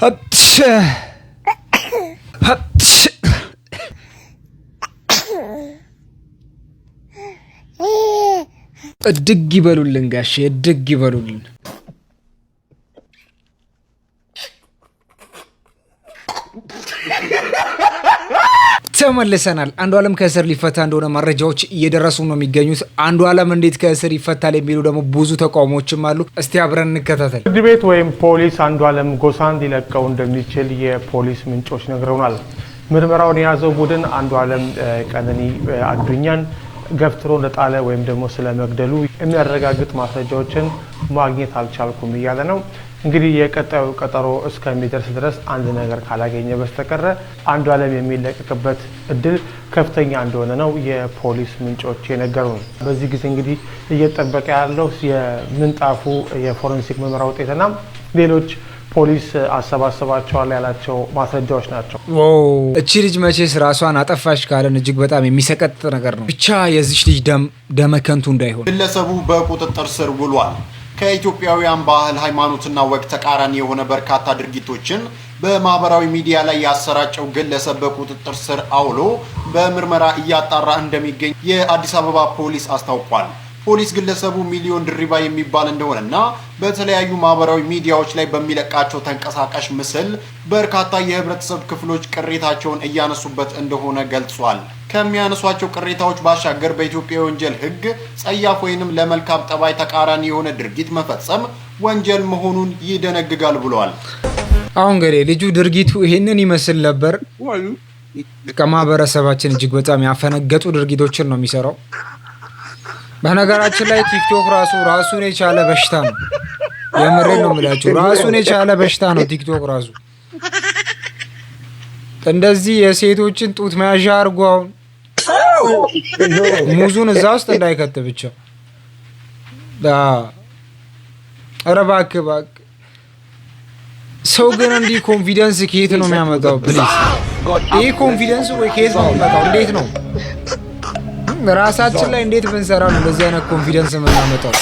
እድግ ይበሉልን ጋሼ፣ እድግ ይበሉልን። ተመልሰናል። አንዱ አለም ከእስር ሊፈታ እንደሆነ መረጃዎች እየደረሱ ነው የሚገኙት። አንዱ አለም እንዴት ከእስር ይፈታል የሚሉ ደግሞ ብዙ ተቃውሞዎችም አሉ። እስቲ አብረን እንከታተል። ፍርድ ቤት ወይም ፖሊስ አንዱ አለም ጎሳን ሊለቀው እንደሚችል የፖሊስ ምንጮች ነግረውናል። ምርመራውን የያዘው ቡድን አንዱ አለም ቀነኒ አዱኛን ገፍትሮ እንደጣለ ወይም ደግሞ ስለመግደሉ የሚያረጋግጥ ማስረጃዎችን ማግኘት አልቻልኩም እያለ ነው። እንግዲህ የቀጣዩ ቀጠሮ እስከሚደርስ ድረስ አንድ ነገር ካላገኘ በስተቀረ አንዱ አለም የሚለቀቅበት እድል ከፍተኛ እንደሆነ ነው የፖሊስ ምንጮች የነገሩ ነው። በዚህ ጊዜ እንግዲህ እየጠበቀ ያለው የምንጣፉ የፎረንሲክ ምርመራ ውጤትና ሌሎች ፖሊስ አሰባሰባቸዋል ያላቸው ማስረጃዎች ናቸው። እቺ ልጅ መቼስ ራሷን አጠፋሽ ካለን እጅግ በጣም የሚሰቀጥ ነገር ነው። ብቻ የዚች ልጅ ደመከንቱ እንዳይሆን ግለሰቡ በቁጥጥር ስር ውሏል። ከኢትዮጵያውያን ባህል ሃይማኖትና ወግ ተቃራኒ የሆነ በርካታ ድርጊቶችን በማህበራዊ ሚዲያ ላይ ያሰራጨው ግለሰብ በቁጥጥር ስር አውሎ በምርመራ እያጣራ እንደሚገኝ የአዲስ አበባ ፖሊስ አስታውቋል። ፖሊስ ግለሰቡ ሚሊዮን ድሪባ የሚባል እንደሆነ እና በተለያዩ ማህበራዊ ሚዲያዎች ላይ በሚለቃቸው ተንቀሳቃሽ ምስል በርካታ የህብረተሰብ ክፍሎች ቅሬታቸውን እያነሱበት እንደሆነ ገልጿል። ከሚያነሷቸው ቅሬታዎች ባሻገር በኢትዮጵያ የወንጀል ህግ ጸያፍ ወይንም ለመልካም ጠባይ ተቃራኒ የሆነ ድርጊት መፈጸም ወንጀል መሆኑን ይደነግጋል ብሏል። አሁን እንግዲህ ልጁ ድርጊቱ ይህንን ይመስል ነበር። ከማህበረሰባችን እጅግ በጣም ያፈነገጡ ድርጊቶችን ነው የሚሰራው። በነገራችን ላይ ቲክቶክ ራሱ ራሱን የቻለ በሽታ ነው። የምሬን ነው የምላችሁ። ራሱን የቻለ በሽታ ነው ቲክቶክ ራሱ። እንደዚህ የሴቶችን ጡት መያዣ አድርጎ አሁን ሙዙን እዛ ውስጥ እንዳይከት ብቻ። ኧረ እባክህ እባክህ። ሰው ግን እንዲህ ኮንፊደንስ ከየት ነው የሚያመጣው? ፕሊዝ ይህ ኮንፊደንስ ወይ ከየት ነው የሚመጣው? እንዴት ነው ራሳችን ላይ እንዴት ብንሰራ ነው እንደዚህ አይነት ኮንፊደንስ የምናመጣው?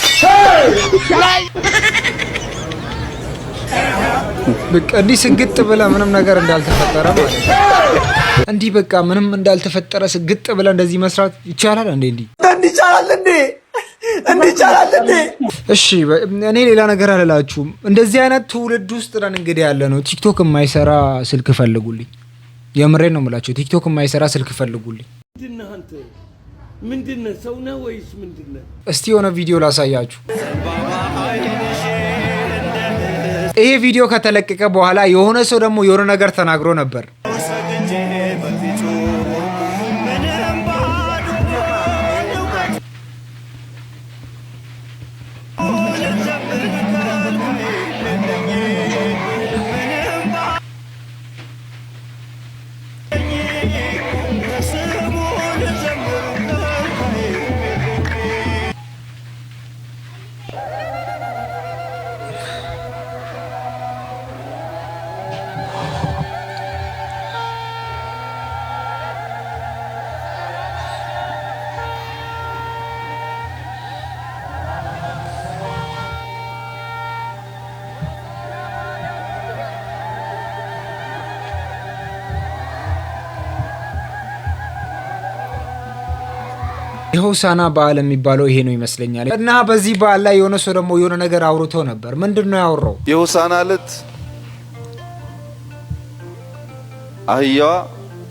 በቃ እንዲህ ስግጥ ብለ ምንም ነገር እንዳልተፈጠረ ማለት እንዲህ በቃ ምንም እንዳልተፈጠረ ስግጥ ብለ እንደዚህ መስራት ይቻላል እንዴ? እንዲህ ይቻላል እንዴ? እሺ እኔ ሌላ ነገር አልላችሁም። እንደዚህ አይነት ትውልድ ውስጥ ነን እንግዲህ ያለ ነው። ቲክቶክ የማይሰራ ስልክ ፈልጉልኝ። የምሬን ነው የምላቸው። ቲክቶክ የማይሰራ ስልክ ፈልጉልኝ። ምንድነህ? ሰው ነው ወይስ ምንድነህ? እስቲ የሆነ ቪዲዮ ላሳያችሁ። ይሄ ቪዲዮ ከተለቀቀ በኋላ የሆነ ሰው ደግሞ የሆነ ነገር ተናግሮ ነበር። የሆሳና በዓል የሚባለው ይሄ ነው ይመስለኛል። እና በዚህ በዓል ላይ የሆነ ሰው ደግሞ የሆነ ነገር አውርቶ ነበር። ምንድን ነው ያወራው? የሆሳና ዕለት አህያዋ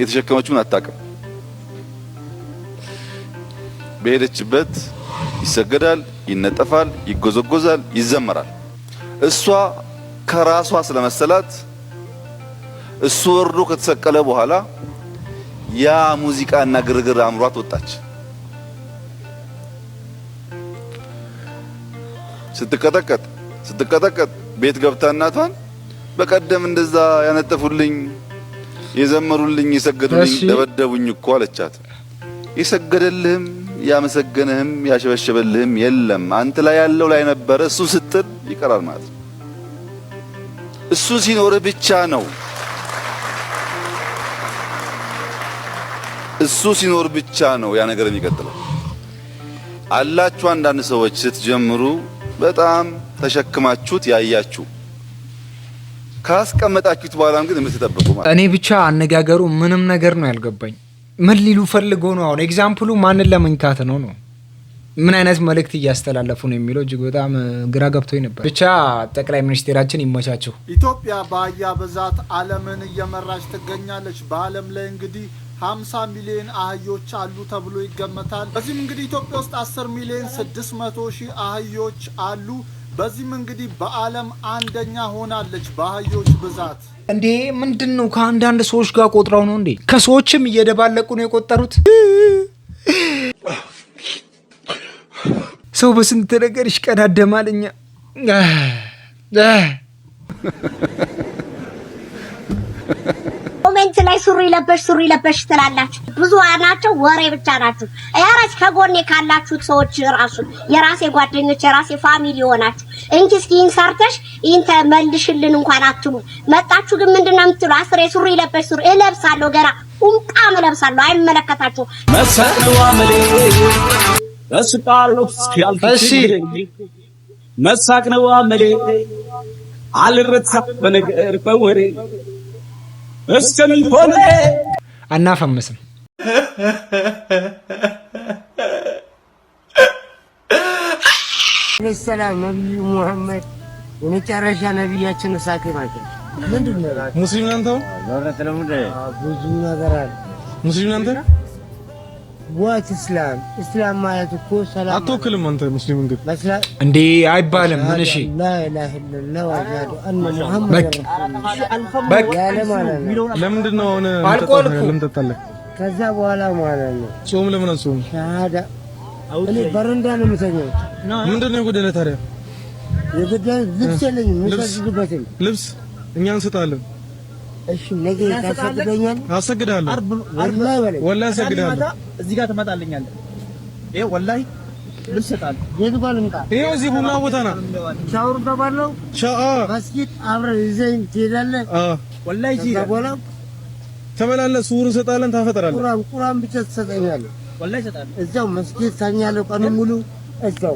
የተሸከመችውን አታውቅም። በሄደችበት ይሰገዳል፣ ይነጠፋል፣ ይጎዘጎዛል፣ ይዘመራል። እሷ ከራሷ ስለመሰላት እሱ ወርዶ ከተሰቀለ በኋላ ያ ሙዚቃና ግርግር አምሯት ወጣች። ስትቀጠቀጥ ስትቀጠቀጥ ቤት ገብታ እናቷን በቀደም እንደዛ ያነጠፉልኝ የዘመሩልኝ የሰገዱልኝ ደበደቡኝ እኮ አለቻት። የሰገደልህም ያመሰገነህም ያሸበሸበልህም የለም አንተ ላይ ያለው ላይ ነበረ። እሱ ስትል ይቀራል ማለት ነው። እሱ ሲኖርህ ብቻ ነው እሱ ሲኖር ብቻ ነው ያ ነገር የሚቀጥለው። አላችሁ አንዳንድ ሰዎች ስትጀምሩ በጣም ተሸክማችሁት ያያችሁ ካስቀመጣችሁት በኋላም ግን የምትጠብቁ ማለት እኔ ብቻ አነጋገሩ ምንም ነገር ነው ያልገባኝ። ምን ሊሉ ፈልጎ ነው? አሁን ኤግዛምፕሉ ማንን ለመንካት ነው ነው ምን አይነት መልእክት እያስተላለፉ ነው የሚለው እጅግ በጣም ግራ ገብቶኝ ነበር። ብቻ ጠቅላይ ሚኒስቴራችን ይመቻቸው። ኢትዮጵያ በአህያ ብዛት ዓለምን እየመራች ትገኛለች። በዓለም ላይ እንግዲህ 50 ሚሊዮን አህዮች አሉ ተብሎ ይገመታል። በዚህም እንግዲህ ኢትዮጵያ ውስጥ 10 ሚሊዮን 600 ሺህ አህዮች አሉ። በዚህም እንግዲህ በዓለም አንደኛ ሆናለች በአህዮች ብዛት። እንዴ ምንድን ነው? ከአንዳንድ ሰዎች ጋር ቆጥረው ነው እንዴ? ከሰዎችም እየደባለቁ ነው የቆጠሩት። ሰው በስንት ነገር ይሽቀዳደማል። እኛ ኮሜንት ላይ ሱሪ ለበሽ ሱሪ ለበሽ ትላላችሁ። ብዙ ናቸው፣ ወሬ ብቻ ናችሁ። ያራስ ከጎኔ ካላችሁት ሰዎች ራሱ የራሴ ጓደኞች የራሴ ፋሚሊ ሆናችሁ እንጂ እስኪ ኢንሰርተሽ ሰርተሽ ይህን ተመልሽልን እንኳን አትሉ። መጣችሁ ግን ምንድን ነው የምትሉ? አስሬ ሱሪ ለበሽ ሱሪ እለብሳለሁ፣ ገና ቁምጣም እለብሳለሁ። አይመለከታችሁ። መሳቅ ነው አመሌ አልረሳ በነገር በወሬ እስም አናፈምስም። ሰላም ነቢዩ ሙሐመድ የመጨረሻ ነቢያችን እሳቴ ማለት ነው ሙስሊም ናንተው ብዙ ነገር አለ ሙስሊም ናንተ ዋት እስላም እስላም ማለት እኮ ሰላም አትወክልም። አንተ ሙስሊም እንግዲህ እንዴ አይባልም። ምን እሺ ለምንድን ነው ከዛ በኋላ ማለት ነው ጾም ለምን ሻሃዳ እኔ በረንዳ ነው የምተኛው። ምንድን ነው ታዲያ? ልብስ የለኝም። ልብስ እኛ እንስጣለን እሺ ነገ ታሰግደኛል። አሰግዳለሁ። ወላ አሰግዳለሁ። እዚህ ጋር ትመጣልኛለህ። ይሄ ወላሂ ይሄው እዚህ ቡና ቦታ ናት። ሻወር ገባለሁ። መስጊድ አብረን ይዘኝ ትሄዳለህ። ወላሂ ተመላለስ። ሱር እንሰጣለን፣ ታፈጥራለህ። ቁርአን ብቻ ትሰጠኛለህ። ወላሂ እሰጣለሁ። እዛው መስጊድ ታኛለህ ቀኑን ሙሉ እዛው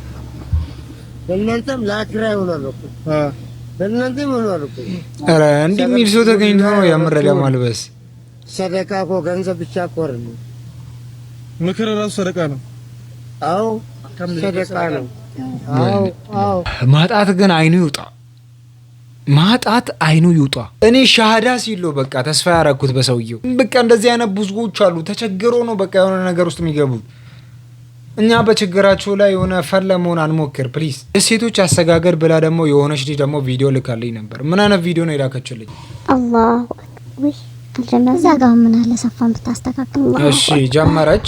በእናንተም ለአኪራይ ሆኗል እኮ እኮ። ኧረ እንዲህ የሚል ሰው ተገኝቶ ነው ሰደቃ እኮ ገንዘብ ብቻ እኮ አይደለም፣ ምክር እራሱ ሰደቃ ነው። አዎ ሰደቃ ነው። አዎ አዎ። ማጣት ግን አይኑ ይውጣ ማጣት አይኑ ይውጣ። እኔ ሻሃዳ ሲሎ በቃ ተስፋ ያረኩት በሰውየው በቃ እንደዚህ አይነት ብዙዎች አሉ። ተቸግሮ ነው በቃ የሆነ ነገር ውስጥ የሚገቡት እኛ በችግራችሁ ላይ የሆነ ፈር ለመሆን አንሞክር ፕሊዝ። የሴቶች አሰጋገድ ብላ ደግሞ የሆነች ልጅ ደግሞ ቪዲዮ ልካልኝ ነበር። ምን አይነት ቪዲዮ ነው የላከችልኝ? አላሁ እዛ ጋር ምን አለ ሰፋን ብታስተካክል። እሺ ጀመረች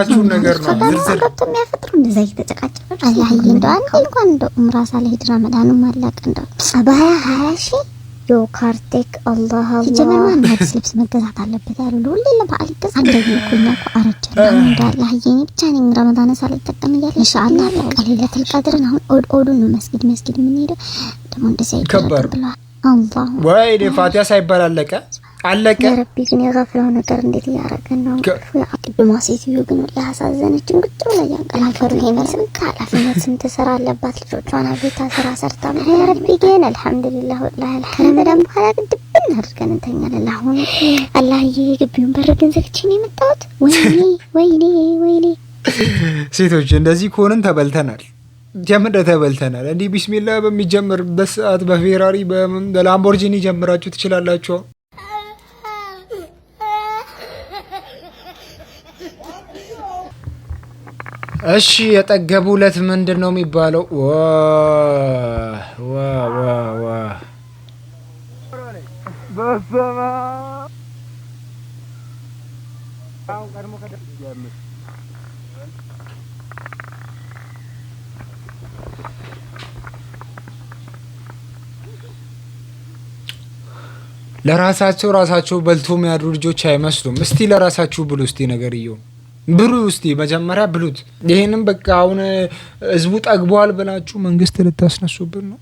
የምነግራችሁን ነገር ነው። ዝርዝር አላህ ካርቴክ አላህ አዲስ ልብስ መገዛት አለበት ያሉ ሁሌ ለበዓል ይገዛ አንደኛ ኩኛ አረጀ እንዳለ ሀየኔ ብቻ ነኝ ረመዳን ሳልጠቀም እያለ እንሻአላ በቃ ለይለቱል አሁን ኦዱን ነው መስጊድ መስጊድ የምንሄደው ደግሞ እንደዚያ ይገባል ብለዋል። አላህ ወይ ፋቲያ ሳይበላለቀ አለቀ። ረቢ ግን የገፍለው ነገር እንዴት እያደረገን ነው? ቅድማ ሴትዮ ግን ያሳዘነችን ቁጭ ብላ እያንቀላፈሩ ይመስል ከኃላፊነት ስንት ስራ አለባት። ልጆቿን ቤታ ስራ ሰርታ ረቢ ግን አልሐምዱሊላ ወላ ከረመዳን በኋላ ግን ድብን አድርገን እንተኛለን። አሁን አላህዬ ግቢውን በር ግን ዘግችን የመጣሁት ወይኔ ወይኔ ወይኔ። ሴቶች እንደዚህ ከሆንን ተበልተናል። ጀምረ ተበልተናል። እንዲህ ቢስሚላ በሚጀምርበት ሰዓት በፌራሪ በላምቦርጂኒ ጀምራችሁ ትችላላችሁ። እሺ የጠገቡ ዕለት ምንድን ነው የሚባለው? ለራሳቸው ራሳቸው በልቶ የሚያድሩ ልጆች አይመስሉም። እስቲ ለራሳችሁ ብሉ እስቲ ነገር እየው ብሉ ውስጥ መጀመሪያ ብሉት። ይሄንም በቃ አሁን ህዝቡ ጠግቧል ብላችሁ መንግስት ልታስነሱብን ነው።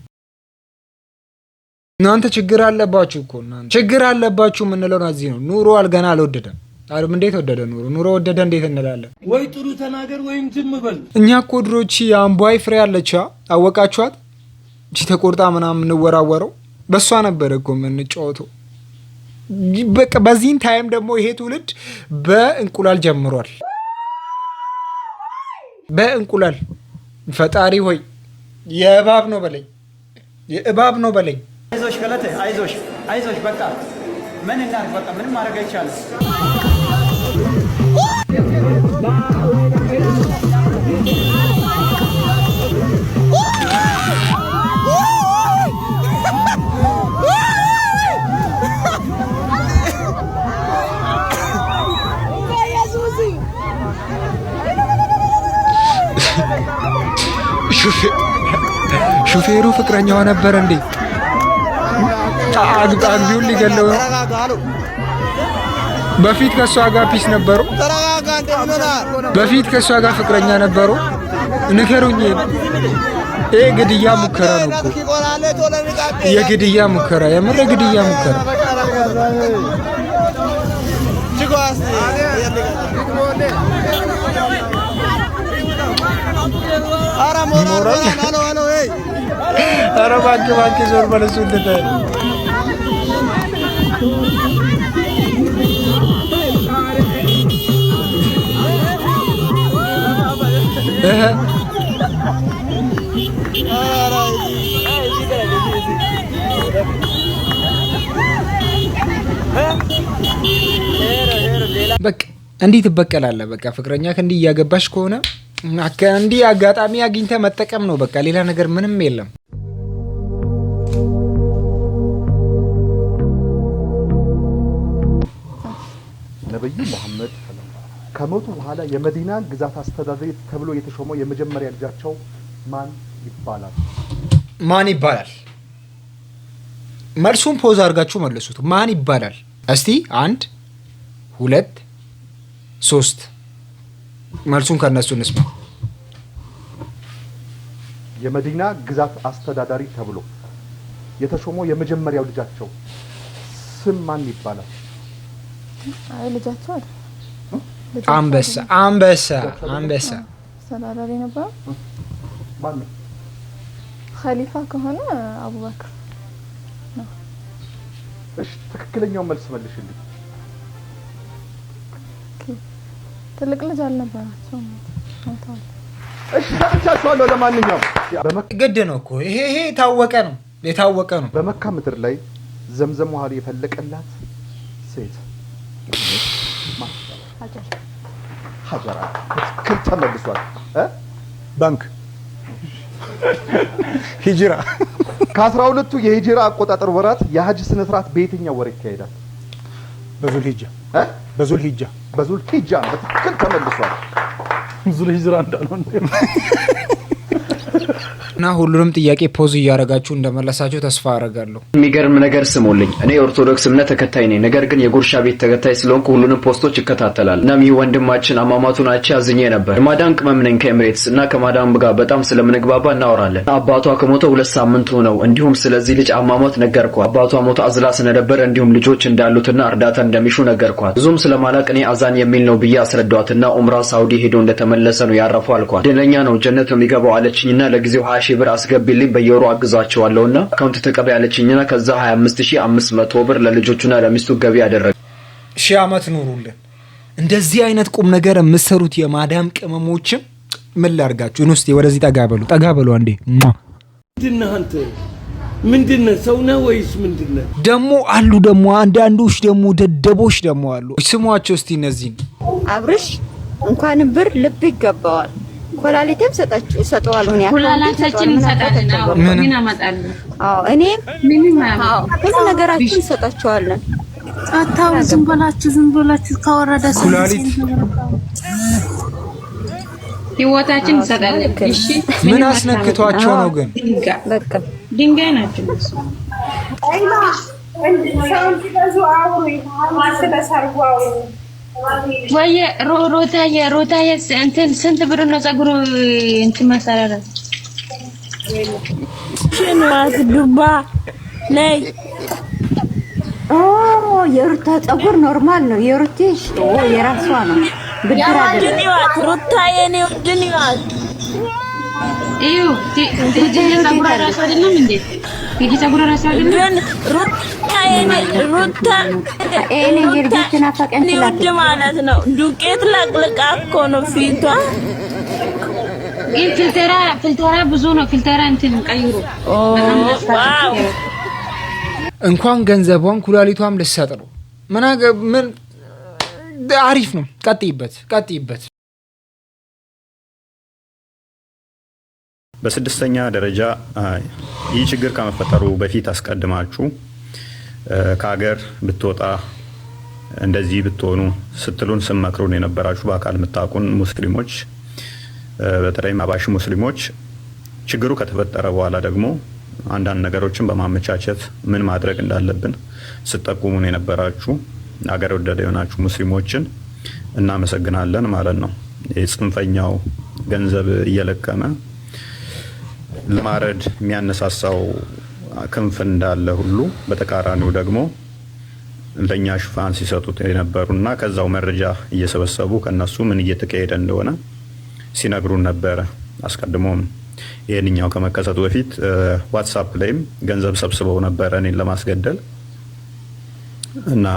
እናንተ ችግር አለባችሁ እኮ እናንተ ችግር አለባችሁ የምንለው እዚህ ነው። ኑሮ አልገና አልወደደም። አለም እንዴት ወደደ? ኑሮ ኑሮ ወደደ እንዴት እንላለን? ወይ ጥሩ ተናገር ወይም ዝም በል። እኛ እኮ ድሮች የአምቧይ ፍሬ አለቻ አወቃችኋት? እቺ ተቆርጣ ምናምን የምንወራወረው በእሷ ነበር እኮ የምንጫወተው። በቃ በዚህን ታይም ደግሞ ይሄ ትውልድ በእንቁላል ጀምሯል። በእንቁላል ፈጣሪ ሆይ የእባብ ነው በለኝ፣ የእባብ ነው በለኝ። አይዞሽ ገለቴ፣ አይዞሽ፣ አይዞሽ። በቃ ምን እናድርግ? በቃ ምንም ማድረግ አይቻልም። ሹፌሩ ፍቅረኛዋ ነበር እንዴ? አግቢውን ሊገለው በፊት ከእሷ ጋር ፒስ ነበሩ? በፊት ከእሷ ጋር ፍቅረኛ ነበሩ? ንገሩኝ። ይሄ ግድያ ሙከራ ነው። የግድያ ሙከራ የምር የግድያ ሙከራ ይኖራል። ኧረ እባክህ እባክህ ዞር በል እሱ እንትን በቃ እንዲህ ትበቀላለህ። በቃ ፍቅረኛ እያገባሽ ከሆነ እንዲህ አጋጣሚ አግኝተ መጠቀም ነው በቃ ሌላ ነገር ምንም የለም። ነቢዩ መሐመድ ከሞቱ በኋላ የመዲና ግዛት አስተዳደር ተብሎ የተሾመው የመጀመሪያ ልጃቸው ማን ይባላል? ማን ይባላል? መልሱን ፖዝ አድርጋችሁ መልሱት። ማን ይባላል? እስቲ አንድ ሁለት ሶስት መልሱን ከእነሱ እንስማ። የመዲና ግዛት አስተዳዳሪ ተብሎ የተሾመው የመጀመሪያው ልጃቸው ስም ማን ይባላል? ልጃቸው አይደል? አንበሳ አንበሳ አንበሳ አስተዳዳሪ ነበር። ማን ነው? ኸሊፋ ከሆነ አቡበክር እሺ፣ ትክክለኛውን መልስ መልሽልኝ። ትልቅ ልጅ አልነበራቸውም። ለማንኛውም ግድ ነው እኮ ይሄ ይሄ የታወቀ ነው የታወቀ ነው። በመካ ምድር ላይ ዘምዘም ውሃ የፈለቀላት ሴት ሀጀራ ትክክል። ተመልሷል። ባንክ ሂጅራ ከአስራ ሁለቱ የሂጅራ አቆጣጠር ወራት የሀጅ ስነስርዓት በየትኛው ወር ይካሄዳል? በዙልሂጃ በዙል ሂጃ በዙል ሂጃ በትክክል ተመልሷል። ዙል ሂጅራ እንዳልሆነ እና ሁሉንም ጥያቄ ፖዝ እያደረጋችሁ እንደመለሳችሁ ተስፋ አደርጋለሁ። የሚገርም ነገር ስሙልኝ፣ እኔ የኦርቶዶክስ እምነት ተከታይ ነኝ። ነገር ግን የጉርሻ ቤት ተከታይ ስለሆንኩ ሁሉንም ፖስቶች ይከታተላል። እናም ይህ ወንድማችን አሟሟቱን አይቼ አዝኜ ነበር። የማዳም ቅመም ነኝ ከኤምሬትስ እና ከማዳም ጋር በጣም ስለምንግባባ እናወራለን። አባቷ ከሞተ ሁለት ሳምንቱ ነው። እንዲሁም ስለዚህ ልጅ አሟሟት ነገርኳት። አባቷ ሞቶ አዝላ ስለነበር እንዲሁም ልጆች እንዳሉትና እርዳታ እንደሚሹ ነገርኳት። ብዙም ስለማላቅ እኔ አዛን የሚል ነው ብዬ አስረዷትና ኡምራ ሳውዲ ሄዶ እንደተመለሰ ነው ያረፈው አልኳት። ድለኛ ነው ጀነት ነው የሚገባው አለችኝና ለጊዜው ሀያ ሺህ ብር አስገቢልኝ በየወሩ አግዛቸዋለሁና አካውንት ተቀበ ያለችኝና ከዛ ሀያ አምስት ሺህ አምስት መቶ ብር ለልጆቹና ለሚስቱ ገቢ ያደረገ። ሺህ ዓመት ኑሩልን። እንደዚህ አይነት ቁም ነገር የምሰሩት የማዳም ቅመሞችም ምን ላርጋችሁ? ንስቴ ወደዚህ ጠጋ በሉ፣ ጠጋ በሉ አንዴ። ምንድነህ አንተ? ምንድነህ ሰው ነህ ወይስ ምንድነህ? ደግሞ አሉ ደግሞ አንዳንዶች ደግሞ ደደቦች ደግሞ አሉ። ስሟቸው እስቲ እነዚህ አብርሽ እንኳን ብር ልብ ይገባዋል ኮላሊቴም ሰጣችሁ ሰጠዋል። ሆነ ያው ኮላሊታችን ይሰጣልና ምን አመጣለሁ? አዎ እኔ ምን ነገራችን እንሰጣችኋለን። አታው ዝም ብላችሁ ዝም ብላችሁ ካወረደ ኮላሊት ህይወታችን እንሰጣለን። እሺ ምን አስነክቷቸው ነው ግን? በቃ ድንጋይ ናቸው አይማ ሰውን ሲበዙ አውሩ ይሁን ወይ ሮታዬ ሮታዬ እንትን ስንት ብር ነው ፀጉሩ እንትን መሰረረ ሽንዋት ዱባ ነይ ኦ የሩታ ፀጉር ኖርማል ነው። የሩቴሽ ኦ የራሷ ነው። ብድር አይደለም። ይዋት ነው ድን ይዋት እዩ ቲ ቲ ቲ ቲ ውድ ማለት ነው። ዱቄት ለቅልቃ እኮ ነው ፊቷ። ግን ፊልተራ ፊልተራ ብዙ ነው። ፊልተራ እንትን እንኳን ገንዘቧን ኩላሊቷም ልሰጥ ነው። ምን ምን አሪፍ ነው። ቀጥይበት፣ ቀጥይበት። በስድስተኛ ደረጃ ይህ ችግር ከመፈጠሩ በፊት አስቀድማችሁ ከሀገር ብትወጣ እንደዚህ ብትሆኑ ስትሉን ስመክሩን የነበራችሁ በአካል የምታውቁን ሙስሊሞች፣ በተለይም አባሽ ሙስሊሞች ችግሩ ከተፈጠረ በኋላ ደግሞ አንዳንድ ነገሮችን በማመቻቸት ምን ማድረግ እንዳለብን ስጠቁሙን የነበራችሁ አገር ወደደ የሆናችሁ ሙስሊሞችን እናመሰግናለን ማለት ነው። የጽንፈኛው ገንዘብ እየለቀመ ለማረድ የሚያነሳሳው ክንፍ እንዳለ ሁሉ በተቃራኒው ደግሞ ለእኛ ሽፋን ሲሰጡት የነበሩና ከዛው መረጃ እየሰበሰቡ ከነሱ ምን እየተካሄደ እንደሆነ ሲነግሩን ነበረ። አስቀድሞም ይህንኛው ከመከሰቱ በፊት ዋትሳፕ ላይም ገንዘብ ሰብስበው ነበረ እኔን ለማስገደል እና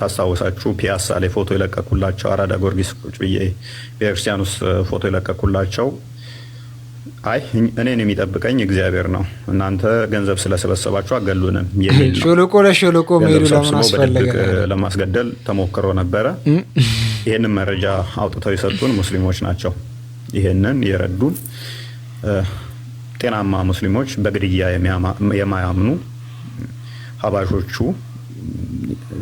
ታስታውሳችሁ ፒያሳ ላይ ፎቶ የለቀኩላቸው አራዳ ጊዮርጊስ ቁጭ ብዬ ቤተክርስቲያን ውስጥ ፎቶ የለቀኩላቸው አይ እኔን የሚጠብቀኝ እግዚአብሔር ነው፣ እናንተ ገንዘብ ስለሰበሰባችሁ አገሉንም። ሽልቆ ለሽልቆ መሄዱ ለምን አስፈለገ? ለማስገደል ተሞክሮ ነበረ። ይህንን መረጃ አውጥተው የሰጡን ሙስሊሞች ናቸው። ይህንን የረዱን ጤናማ ሙስሊሞች፣ በግድያ የማያምኑ ሀባሾቹ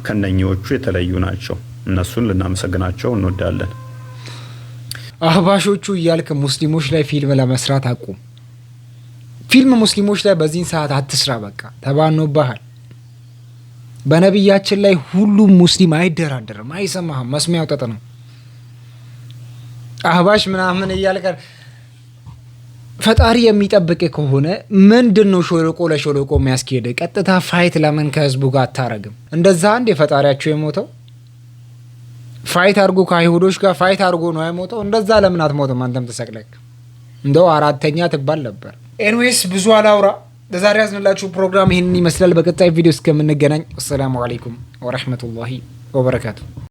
ከነኚዎቹ የተለዩ ናቸው። እነሱን ልናመሰግናቸው እንወዳለን። አህባሾቹ እያልክ ሙስሊሞች ላይ ፊልም ለመስራት አቁም። ፊልም ሙስሊሞች ላይ በዚህን ሰዓት አትስራ። በቃ ተባኖባሃል። በነቢያችን ላይ ሁሉም ሙስሊም አይደራደርም። አይሰማህም? መስሚያው ጠጥ ነው። አህባሽ ምናምን እያልከ ፈጣሪ የሚጠብቅ ከሆነ ምንድን ነው ሾልቆ ለሾልቆ የሚያስኬድ? ቀጥታ ፋይት ለምን ከህዝቡ ጋር አታረግም? እንደዛ አንድ የፈጣሪያቸው የሞተው ፋይት አድርጎ ከአይሁዶች ጋር ፋይት አድርጎ ነው አይሞተው። እንደዛ ለምን አትሞትም? አንተም ተሰቅለክ እንደው አራተኛ ትባል ነበር። ኤንዌስ ብዙ አላውራ። ለዛሬ ያዝንላችሁ ፕሮግራም ይህንን ይመስላል። በቀጣይ ቪዲዮ እስከምንገናኝ አሰላሙ አለይኩም ወረህመቱላሂ ወበረካቱ።